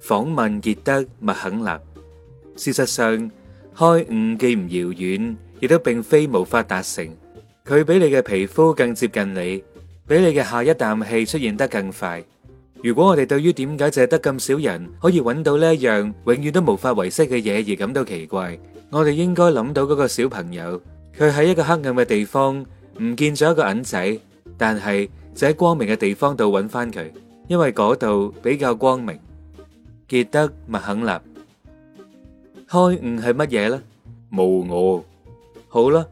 訪問傑德麥肯納，事實上開悟既唔遙遠，亦都並非無法達成。佢比你嘅皮膚更接近你，比你嘅下一啖氣出現得更快。如果我哋對於點解淨係得咁少人可以揾到呢一樣永遠都無法遺失嘅嘢而感到奇怪，我哋應該諗到嗰個小朋友，佢喺一個黑暗嘅地方唔見咗一個銀仔，但係就喺光明嘅地方度揾翻佢，因為嗰度比較光明。傑德麥肯納，開悟係乜嘢咧？無我，好啦，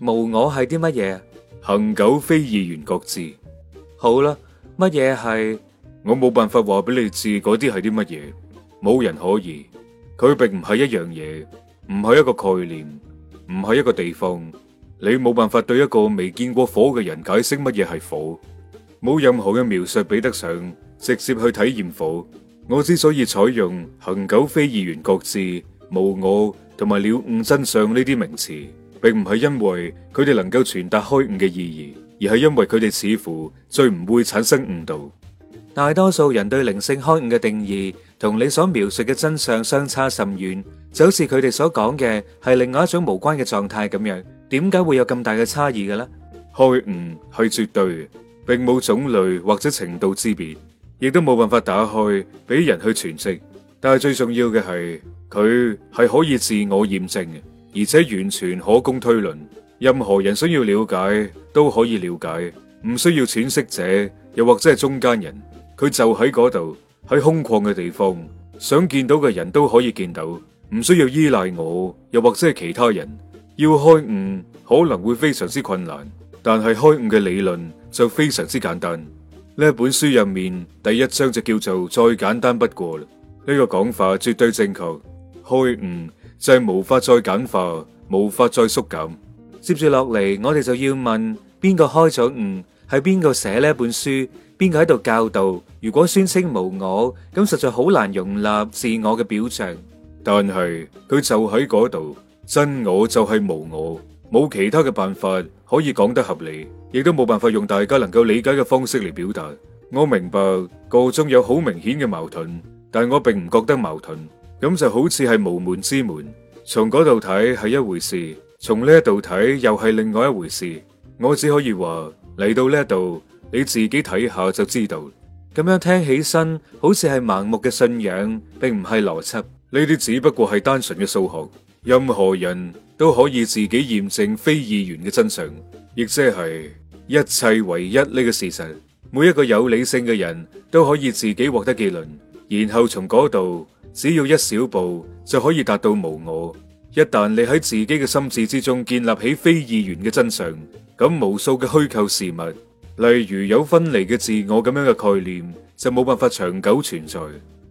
無我係啲乜嘢啊？恆久非二元各自，好啦，乜嘢係？我冇辦法話俾你知，嗰啲係啲乜嘢？冇人可以，佢並唔係一樣嘢，唔係一個概念，唔係一個地方，你冇辦法對一個未見過火嘅人解釋乜嘢係火，冇任何嘅描述比得上直接去體驗火。我之所以採用恆久非二元各自、無我同埋了悟真相呢啲名詞，並唔係因為佢哋能夠傳達開悟嘅意義，而係因為佢哋似乎最唔會產生誤導。大多數人對靈性開悟嘅定義，同你所描述嘅真相相差甚遠，就好似佢哋所講嘅係另外一種無關嘅狀態咁樣。點解會有咁大嘅差異嘅咧？開悟係絕對，並冇種類或者程度之別。亦都冇辦法打開俾人去詮釋，但係最重要嘅係佢係可以自我驗證嘅，而且完全可供推論。任何人想要了解都可以了解，唔需要詮釋者又或者係中間人。佢就喺嗰度，喺空曠嘅地方，想見到嘅人都可以見到，唔需要依賴我又或者係其他人。要開悟可能會非常之困難，但係開悟嘅理論就非常之簡單。呢本書入面，第一章就叫做再簡單不過啦。呢個講法絕對正確，開悟就係無法再簡化，無法再縮減。接住落嚟，我哋就要問：邊個開咗悟？係邊個寫呢本書？邊個喺度教導？如果宣稱無我，咁實在好難容納自我嘅表象。但係佢就喺嗰度，真我就係無我。冇其他嘅辦法可以講得合理，亦都冇辦法用大家能夠理解嘅方式嚟表達。我明白個中有好明顯嘅矛盾，但我並唔覺得矛盾。咁就好似係無門之門，從嗰度睇係一回事，從呢一度睇又係另外一回事。我只可以話，嚟到呢一度，你自己睇下就知道。咁樣聽起身好似係盲目嘅信仰，並唔係邏輯。呢啲只不過係單純嘅數學。任何人都可以自己驗證非二元嘅真相，亦即係一切唯一呢個事實。每一個有理性嘅人都可以自己獲得結論，然後從嗰度只要一小步就可以達到無我。一旦你喺自己嘅心智之中建立起非二元嘅真相，咁無數嘅虛構事物，例如有分離嘅自我咁樣嘅概念，就冇辦法長久存在。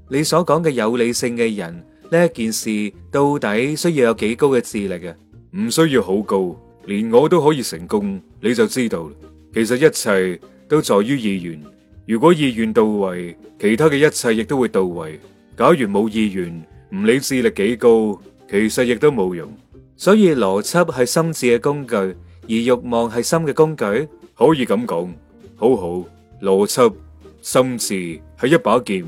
你所講嘅有理性嘅人。呢件事到底需要有幾高嘅智力嘅？唔需要好高，連我都可以成功，你就知道。其實一切都在於意願，如果意願到位，其他嘅一切亦都會到位。假如冇意願，唔理智力幾高，其實亦都冇用。所以邏輯係心智嘅工具，而欲望係心嘅工具，可以咁講。好好，邏輯心智係一把劍，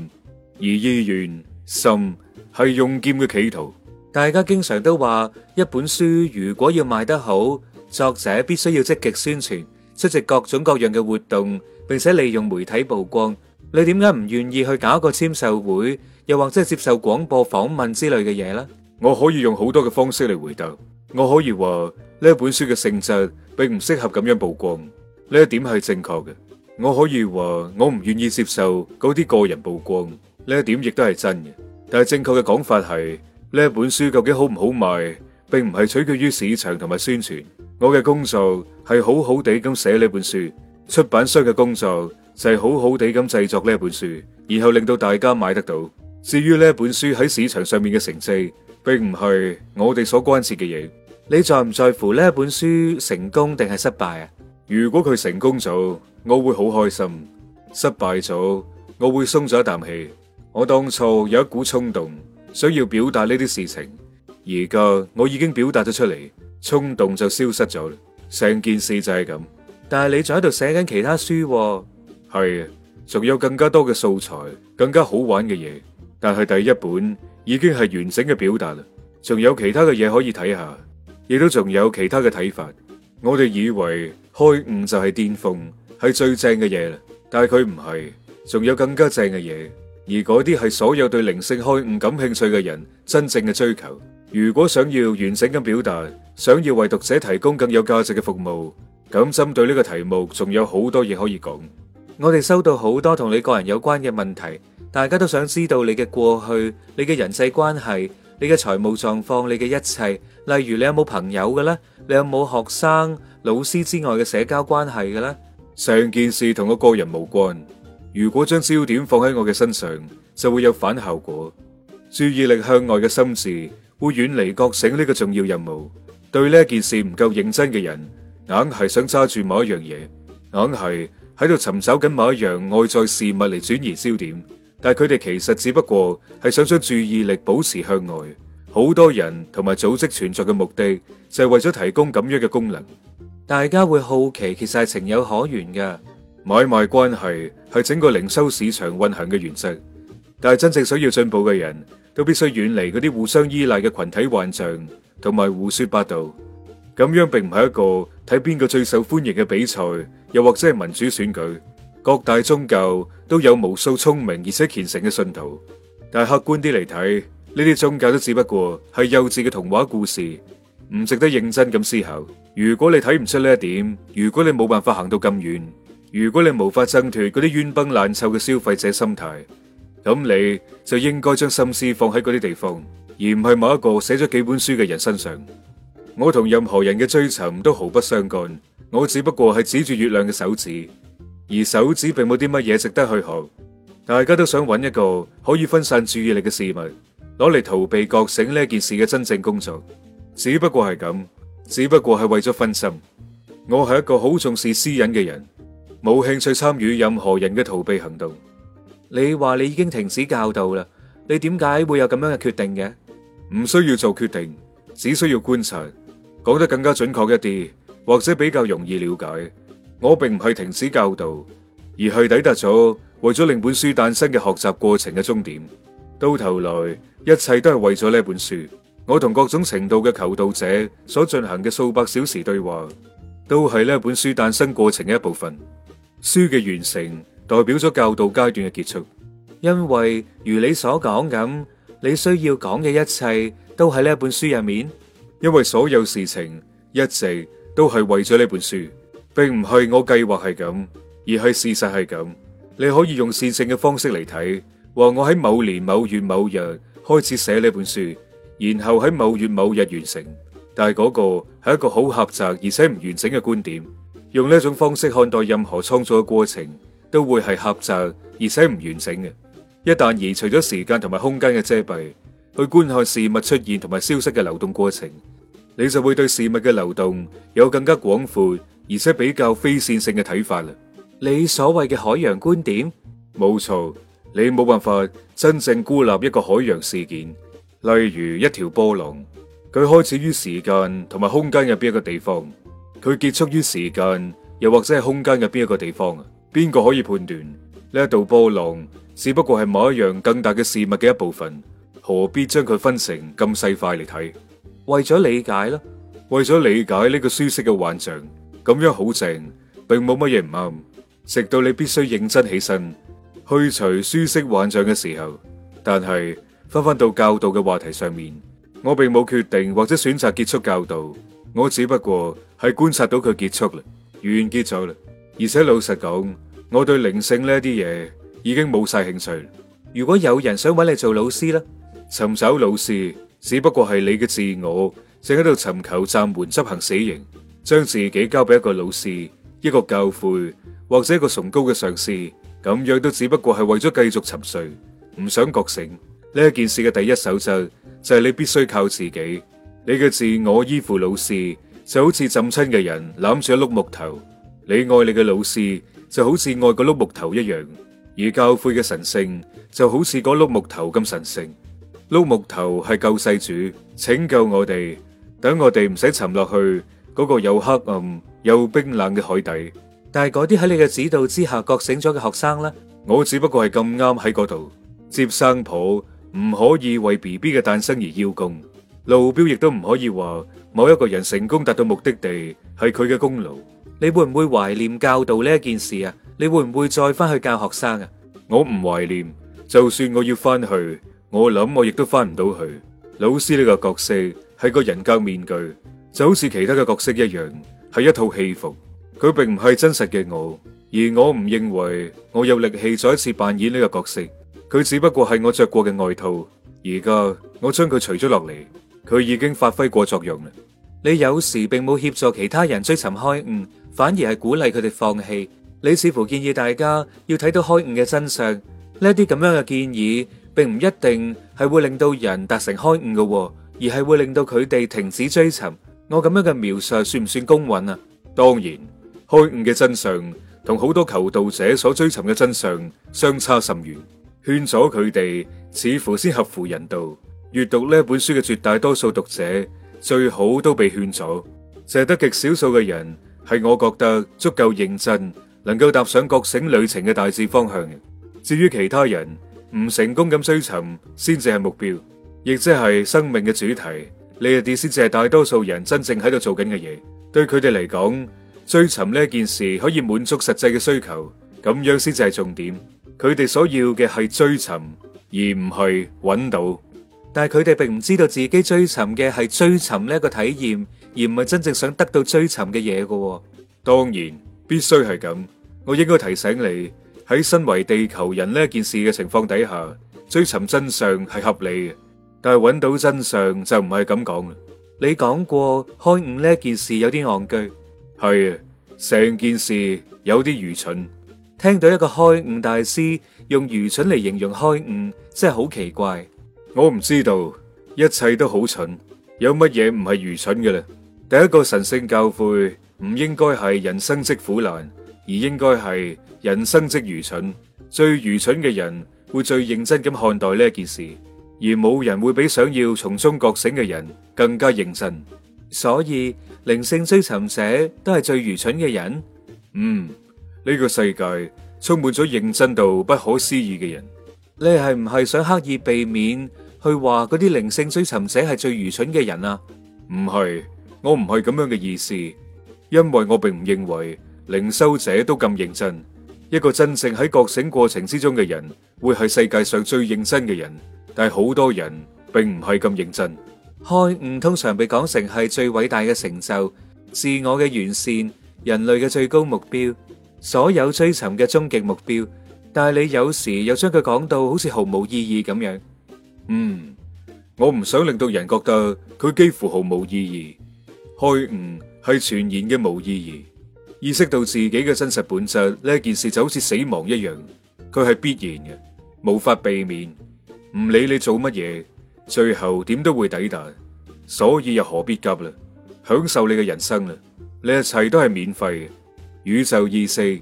而意願心。係用劍嘅企圖。大家經常都話一本書如果要賣得好，作者必須要積極宣傳，出席各種各樣嘅活動，並且利用媒體曝光。你點解唔願意去搞個簽售會，又或者係接受廣播訪問之類嘅嘢呢？我可以用好多嘅方式嚟回答。我可以話呢本書嘅性質並唔適合咁樣曝光，呢一點係正確嘅。我可以話我唔願意接受嗰啲個人曝光，呢一點亦都係真嘅。但係正確嘅講法係呢一本書究竟好唔好賣，並唔係取決於市場同埋宣傳。我嘅工作係好好地咁寫呢本書，出版商嘅工作就係好好地咁製作呢一本書，然後令到大家買得到。至於呢一本書喺市場上面嘅成績，並唔係我哋所關切嘅嘢。你在唔在乎呢一本書成功定係失敗啊？如果佢成功咗，我會好開心；失敗咗，我會鬆咗一啖氣。我當初有一股衝動，想要表達呢啲事情，而家我已經表達咗出嚟，衝動就消失咗。成件事就係咁。但係你仲喺度寫緊其他書？哦，係啊，仲有更加多嘅素材，更加好玩嘅嘢。但係第一本已經係完整嘅表達啦，仲有其他嘅嘢可以睇下，亦都仲有其他嘅睇法。我哋以為開悟就係巔峰，係最正嘅嘢啦，但係佢唔係，仲有更加正嘅嘢。而嗰啲係所有對靈性開悟感興趣嘅人真正嘅追求。如果想要完整咁表達，想要為讀者提供更有價值嘅服務，咁針對呢個題目，仲有好多嘢可以講。我哋收到好多同你個人有關嘅問題，大家都想知道你嘅過去、你嘅人際關係、你嘅財務狀況、你嘅一切，例如你有冇朋友嘅咧，你有冇學生、老師之外嘅社交關係嘅咧。成件事同我個人無關。如果將焦點放喺我嘅身上，就會有反效果。注意力向外嘅心智會遠離覺醒呢個重要任務。對呢件事唔夠認真嘅人，硬係想揸住某一樣嘢，硬係喺度尋找緊某一樣外在事物嚟轉移焦點。但係佢哋其實只不過係想將注意力保持向外。好多人同埋組織存在嘅目的就係為咗提供咁樣嘅功能。大家會好奇，其實係情有可原嘅。買賣關係係整個靈修市場運行嘅原則，但係真正想要進步嘅人都必須遠離嗰啲互相依賴嘅群體幻象、同埋胡說八道。咁樣並唔係一個睇邊個最受歡迎嘅比賽，又或者係民主選舉。各大宗教都有無數聰明而且虔誠嘅信徒，但係客觀啲嚟睇，呢啲宗教都只不過係幼稚嘅童話故事，唔值得認真咁思考。如果你睇唔出呢一點，如果你冇辦法行到咁遠。如果你無法掙脫嗰啲冤崩爛臭嘅消費者心態，咁你就應該將心思放喺嗰啲地方，而唔係某一個寫咗幾本書嘅人身上。我同任何人嘅追尋都毫不相干，我只不過係指住月亮嘅手指，而手指並冇啲乜嘢值得去學。大家都想揾一個可以分散注意力嘅事物，攞嚟逃避覺醒呢件事嘅真正工作，只不過係咁，只不過係為咗分心。我係一個好重視私隱嘅人。冇興趣參與任何人嘅逃避行動。你話你已經停止教導啦，你點解會有咁樣嘅決定嘅？唔需要做決定，只需要觀察。講得更加準確一啲，或者比較容易了解。我並唔係停止教導，而係抵達咗為咗令本書誕生嘅學習過程嘅終點。到頭來，一切都係為咗呢本書。我同各種程度嘅求道者所進行嘅數百小時對話，都係呢本書誕生過程嘅一部分。書嘅完成代表咗教導階段嘅結束，因為如你所講咁，你需要講嘅一切都喺呢本書入面，因為所有事情一直都係為咗呢本書，並唔係我計劃係咁，而係事實係咁。你可以用線性嘅方式嚟睇，話我喺某年某月某日開始寫呢本書，然後喺某月某日完成，但係嗰個係一個好狹窄而且唔完整嘅觀點。用呢一種方式看待任何創造嘅過程，都會係狹窄而且唔完整嘅。一旦移除咗時間同埋空間嘅遮蔽，去觀看事物出現同埋消失嘅流動過程，你就會對事物嘅流動有更加廣闊而且比較非線性嘅睇法啦。你所謂嘅海洋觀點，冇錯，你冇辦法真正孤立一個海洋事件，例如一條波浪，佢開始於時間同埋空間入邊一個地方。佢結束於時間，又或者係空間嘅邊一個地方啊？邊個可以判斷呢一道波浪？只不過係某一樣更大嘅事物嘅一部分，何必將佢分成咁細塊嚟睇？為咗理解啦，為咗理解呢個舒適嘅幻象，咁樣好正，並冇乜嘢唔啱。直到你必須認真起身，去除舒適幻象嘅時候。但係翻返到教導嘅話題上面，我並冇決定或者選擇結束教導。我只不過係觀察到佢結束啦，完結咗啦。而且老實講，我對靈性呢啲嘢已經冇晒興趣。如果有人想揾你做老師啦，尋找老師只不過係你嘅自我正喺度尋求暫緩執行死刑，將自己交俾一個老師、一個教誨或者一個崇高嘅上司，咁樣都只不過係為咗繼續沉睡，唔想覺醒。呢件事嘅第一守則就係、是、你必須靠自己。你嘅自我依附老師，就好似浸親嘅人攬住一碌木頭。你愛你嘅老師，就好似愛個碌木頭一樣。而教誨嘅神聖，就好似嗰碌木頭咁神聖。碌木頭係救世主，請救我哋，等我哋唔使沉落去嗰、那個又黑暗又冰冷嘅海底。但係嗰啲喺你嘅指導之下覺醒咗嘅學生咧，我只不過係咁啱喺嗰度接生婆，唔可以為 B B 嘅誕生而邀功。路標亦都唔可以話某一個人成功達到目的地係佢嘅功勞。你會唔會懷念教導呢一件事啊？你會唔會再翻去教學生啊？我唔懷念，就算我要翻去，我諗我亦都翻唔到去。老師呢個角色係個人格面具，就好似其他嘅角色一樣，係一套戲服。佢並唔係真實嘅我，而我唔認為我有力氣再一次扮演呢個角色。佢只不過係我着過嘅外套，而家我將佢除咗落嚟。佢已經發揮過作用啦。你有時並冇協助其他人追尋開悟，反而係鼓勵佢哋放棄。你似乎建議大家要睇到開悟嘅真相，呢啲咁樣嘅建議，並唔一定係會令到人達成開悟嘅㗎喎，而係會令到佢哋停止追尋。我咁樣嘅描述，算唔算公允啊？當然，開悟嘅真相同好多求道者所追尋嘅真相相差甚遠，勸阻佢哋似乎先合乎人道。閱讀呢本書嘅絕大多數讀者最好都被勸咗，借、就是、得極少數嘅人係我覺得足夠認真，能夠踏上覺醒旅程嘅大致方向嘅。至於其他人唔成功咁追尋，先至係目標，亦即係生命嘅主題。呢啲先至係大多數人真正喺度做緊嘅嘢。對佢哋嚟講，追尋呢件事可以滿足實際嘅需求，咁樣先至係重點。佢哋所要嘅係追尋，而唔係揾到。但係佢哋並唔知道自己追尋嘅係追尋呢一個體驗，而唔係真正想得到追尋嘅嘢嘅。當然必須係咁。我應該提醒你，喺身為地球人呢件事嘅情況底下，追尋真相係合理嘅，但係揾到真相就唔係咁講啦。你講過開悟呢件事有啲戇居，係呀，成件事有啲愚蠢。聽到一個開悟大師用愚蠢嚟形容開悟，真係好奇怪。我唔知道，一切都好蠢，有乜嘢唔係愚蠢嘅咧？第一個神聖教誨唔應該係人生即苦難，而應該係人生即愚蠢。最愚蠢嘅人會最認真咁看待呢件事，而冇人會比想要從中覺醒嘅人更加認真。所以靈性追尋者都係最愚蠢嘅人。嗯，呢個世界充滿咗認真到不可思議嘅人。你係唔係想刻意避免去話嗰啲靈性追尋者係最愚蠢嘅人啊？唔係，我唔係咁樣嘅意思，因為我並唔認為靈修者都咁認真。一個真正喺覺醒過程之中嘅人，會係世界上最認真嘅人，但係好多人並唔係咁認真。開悟通常被講成係最偉大嘅成就、自我嘅完善、人類嘅最高目標、所有追尋嘅終極目標。但係你有時又將佢講到好似毫無意義咁樣。嗯，我唔想令到人覺得佢幾乎毫無意義。開悟係全然嘅冇意義。意識到自己嘅真實本質呢件事就好似死亡一樣，佢係必然嘅，無法避免。唔理你做乜嘢，最後點都會抵達。所以又何必急啦？享受你嘅人生啦，你一切都係免費。宇宙意識，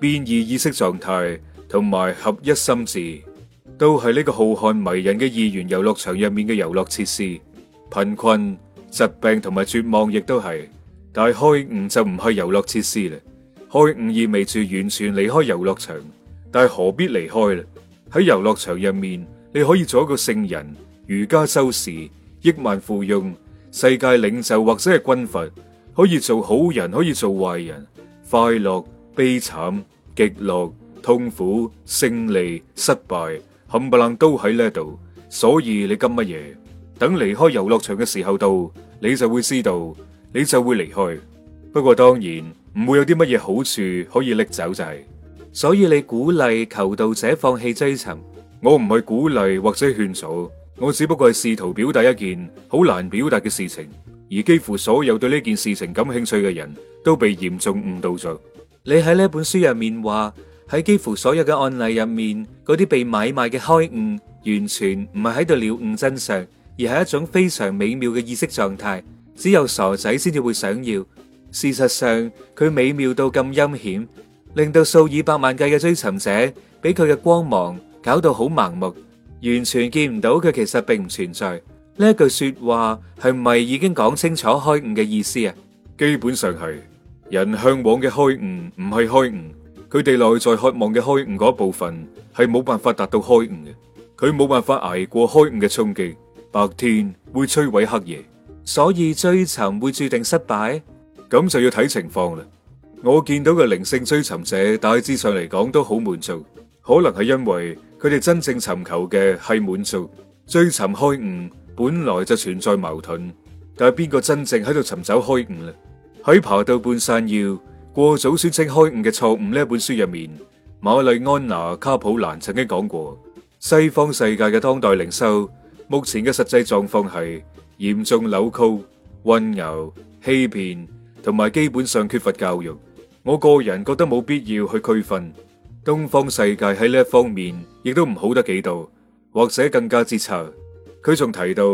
變異意識狀態。同埋合一心智，都係呢個浩瀚迷人嘅異元遊樂場入面嘅遊樂設施。貧困、疾病同埋絕望亦都係，但係開悟就唔係遊樂設施啦。開悟意味住完全離開遊樂場，但係何必離開啦？喺遊樂場入面，你可以做一個聖人、儒家修士、億萬富翁、世界領袖或者係軍閥，可以做好人，可以做壞人，快樂、悲慘、極樂。痛苦、勝利、失敗，冚唪唥都喺呢度。所以你急乜嘢？等離開遊樂場嘅時候到，你就會知道，你就會離開。不過當然唔會有啲乜嘢好處可以拎走就係、是。所以你鼓勵求道者放棄追尋，我唔係鼓勵或者勸阻，我只不過係試圖表達一件好難表達嘅事情。而幾乎所有對呢件事情感興趣嘅人都被嚴重誤導咗。你喺呢本書入面話。喺幾乎所有嘅案例入面，嗰啲被買賣嘅開悟，完全唔係喺度了悟真相，而係一種非常美妙嘅意識狀態。只有傻仔先至會想要。事實上，佢美妙到咁陰險，令到數以百萬計嘅追尋者，俾佢嘅光芒搞到好盲目，完全見唔到佢其實並唔存在。呢一句說話係咪已經講清楚開悟嘅意思啊？基本上係，人嚮往嘅開悟唔係開悟。佢哋內在渴望嘅開悟嗰部分係冇辦法達到開悟嘅，佢冇辦法捱過開悟嘅衝擊，白天會摧毀黑夜，所以追尋會注定失敗。咁就要睇情況啦。我見到嘅靈性追尋者大致上嚟講都好滿足，可能係因為佢哋真正尋求嘅係滿足。追尋開悟本來就存在矛盾，但係邊個真正喺度尋找開悟呢？喺爬到半山腰。過早宣稱開悟嘅錯誤呢本書入面，瑪麗安娜卡普蘭曾經講過：西方世界嘅當代靈修目前嘅實際狀況係嚴重扭曲、混淆、欺騙，同埋基本上缺乏教育。我個人覺得冇必要去區分東方世界喺呢一方面亦都唔好得幾度，或者更加之差。佢仲提到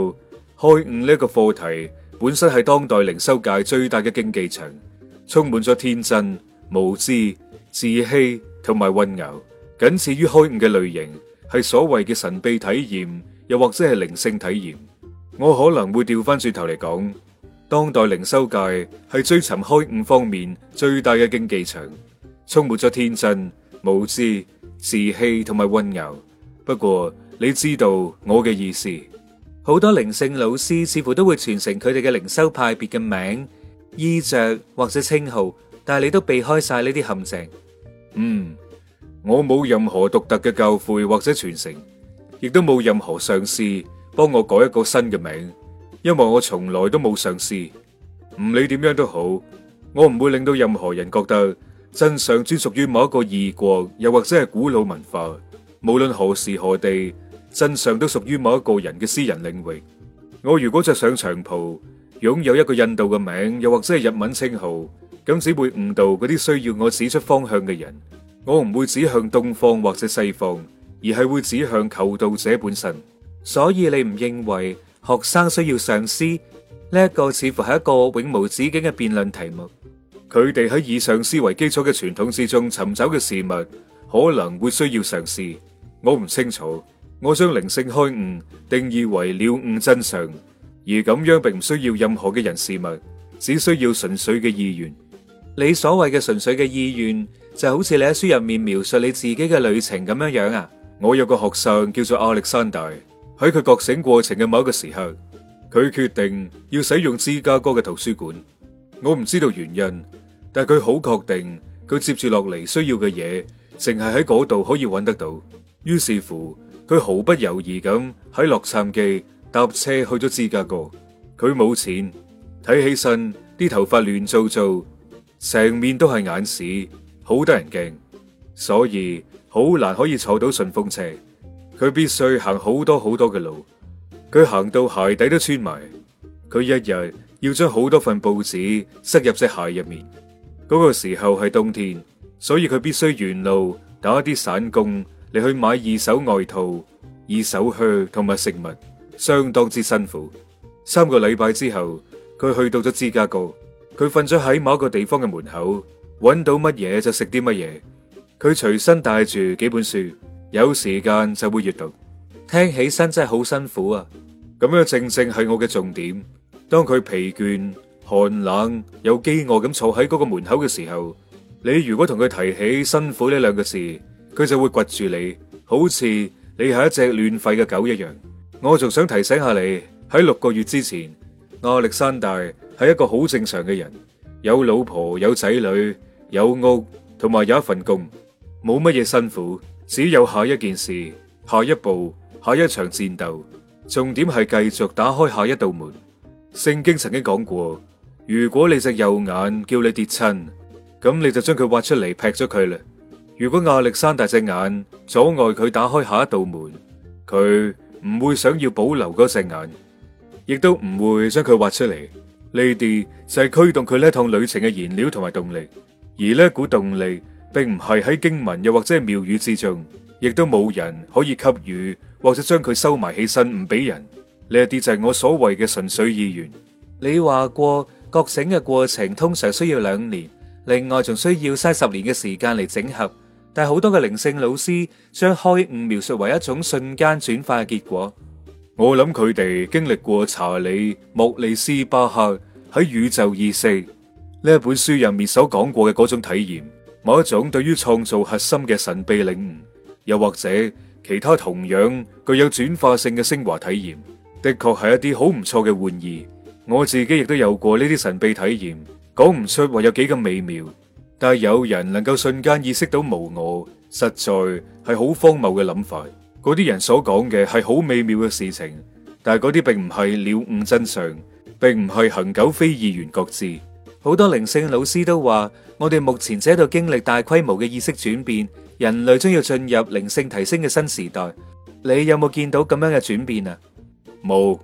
開悟呢一個課題本身係當代靈修界最大嘅競技場。充滿咗天真、無知、自欺同埋溫柔，僅次於開悟嘅類型係所謂嘅神秘體驗，又或者係靈性體驗。我可能會調翻轉頭嚟講，當代靈修界係追尋開悟方面最大嘅競技場，充滿咗天真、無知、自欺同埋溫柔。不過你知道我嘅意思，好多靈性老師似乎都會傳承佢哋嘅靈修派別嘅名衣着或者稱號，但係你都避開晒呢啲陷阱。嗯，我冇任何獨特嘅教誨或者傳承，亦都冇任何上司幫我改一個新嘅名，因為我從來都冇上司。唔理點樣都好，我唔會令到任何人覺得真相專屬於某一個異國，又或者係古老文化。無論何時何地，真相都屬於某一個人嘅私人領域。我如果着上長袍。擁有一個印度嘅名，又或者係日文稱號，咁只會誤導嗰啲需要我指出方向嘅人。我唔會指向東方或者西方，而係會指向求道者本身。所以你唔認為學生需要上師？呢一個似乎係一個永無止境嘅辯論題目。佢哋喺以上師為基礎嘅傳統之中尋找嘅事物，可能會需要嘗試。我唔清楚。我將靈性開悟定義為了悟真相。而咁樣並唔需要任何嘅人事物，只需要純粹嘅意願。你所謂嘅純粹嘅意願，就好似你喺書入面描述你自己嘅旅程咁樣樣啊！我有個學生叫做亞歷山大，喺佢覺醒過程嘅某一個時刻，佢決定要使用芝加哥嘅圖書館。我唔知道原因，但係佢好確定佢接住落嚟需要嘅嘢，淨係喺嗰度可以揾得到。於是乎，佢毫不猶豫咁喺洛杉磯，搭車去咗芝加哥，佢冇錢，睇起身啲頭髮亂糟糟，成面都係眼屎，好得人驚，所以好難可以坐到順風車。佢必須行好多好多嘅路，佢行到鞋底都穿埋，佢一日要將好多份報紙塞入隻鞋入面。嗰個時候係冬天，所以佢必須沿路打啲散工嚟去買二手外套、二手靴同埋食物。相當之辛苦。三個禮拜之後，佢去到咗芝加哥，佢瞓咗喺某個地方嘅門口，搵到乜嘢就食啲乜嘢。佢隨身帶住幾本書，有時間就會閱讀。聽起身真係好辛苦啊！咁樣正正係我嘅重點。當佢疲倦、寒冷又飢餓咁坐喺嗰個門口嘅時候，你如果同佢提起辛苦呢兩個字，佢就會掘住你，好似你係一隻亂吠嘅狗一樣。我仲想提醒下你，喺六個月之前，亞歷山大係一個好正常嘅人，有老婆，有仔女，有屋，同埋有一份工，冇乜嘢辛苦。只有下一件事、下一步、下一場戰鬥，重點係繼續打開下一道門。聖經曾經講過，如果你隻右眼叫你跌親，咁你就將佢挖出嚟劈咗佢啦。如果亞歷山大隻眼阻礙佢打開下一道門，佢唔會想要保留嗰隻眼，亦都唔會將佢挖出嚟。呢啲就係驅動佢呢趟旅程嘅燃料同埋動力。而呢股動力，並唔係喺經文又或者係妙語之中，亦都冇人可以給予，或者將佢收埋起身唔俾人。呢一啲就係我所謂嘅純粹意願。你話過覺醒嘅過程通常需要兩年，另外仲需要嘥十年嘅時間嚟整合。但好多嘅靈性老師將開悟描述為一種瞬間轉化嘅結果。我諗佢哋經歷過查理莫里斯巴克喺《宇宙意識》呢一本書入面所講過嘅嗰種體驗，某一種對於創造核心嘅神秘領悟，又或者其他同樣具有轉化性嘅升華體驗，的確係一啲好唔錯嘅玩意。我自己亦都有過呢啲神秘體驗，講唔出話有幾咁美妙。但係有人能夠瞬間意識到無我，實在係好荒謬嘅諗法。嗰啲人所講嘅係好美妙嘅事情，但係嗰啲並唔係了悟真相，並唔係恒久非二元覺知。好多靈性老師都話，我哋目前只喺度經歷大規模嘅意識轉變，人類將要進入靈性提升嘅新時代。你有冇見到咁樣嘅轉變啊？冇。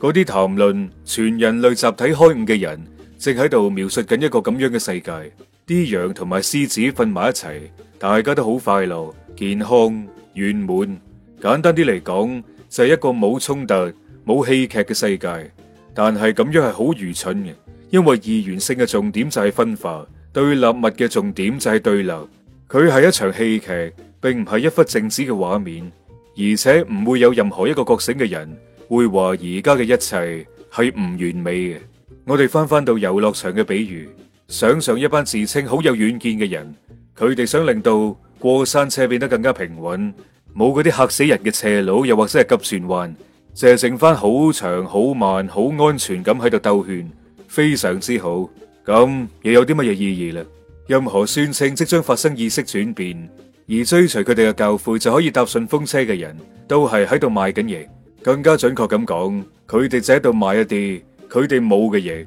嗰啲談論全人類集體開悟嘅人，正喺度描述緊一個咁樣嘅世界。啲羊同埋獅子瞓埋一齊，大家都好快樂、健康、圓滿。簡單啲嚟講，就係一個冇衝突、冇戲劇嘅世界。但係咁樣係好愚蠢嘅，因為二元性嘅重點就係分化，對立物嘅重點就係對立。佢係一場戲劇，並唔係一幅靜止嘅畫面，而且唔會有任何一個覺醒嘅人會話而家嘅一切係唔完美嘅。我哋翻返到遊樂場嘅比喻。想像一班自稱好有遠見嘅人，佢哋想令到過山車變得更加平穩，冇嗰啲吓死人嘅斜路，又或者係急轉彎，就剩翻好長、好慢、好安全咁喺度兜圈，非常之好。咁又有啲乜嘢意義啦？任何宣稱即將發生意識轉變而追隨佢哋嘅教誨就可以搭順風車嘅人，都係喺度賣緊嘢。更加準確咁講，佢哋就喺度賣一啲佢哋冇嘅嘢。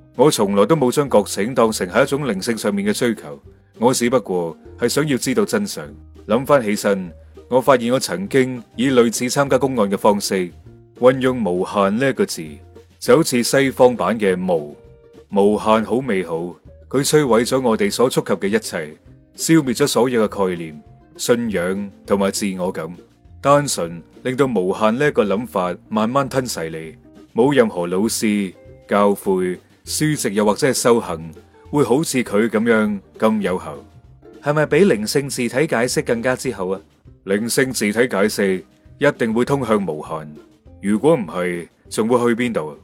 我從來都冇將覺醒當成係一種靈性上面嘅追求，我只不過係想要知道真相。諗翻起身，我發現我曾經以類似參加公案嘅方式，運用無限呢一個字，就好似西方版嘅無。無限好美好，佢摧毀咗我哋所觸及嘅一切，消滅咗所有嘅概念、信仰同埋自我感，單純令到無限呢一個諗法慢慢吞噬你，冇任何老師教誨。書籍又或者係修行，會好似佢咁樣咁有效，係咪比靈性自體解釋更加之好啊？靈性自體解釋一定會通向無限，如果唔係，仲會去邊度？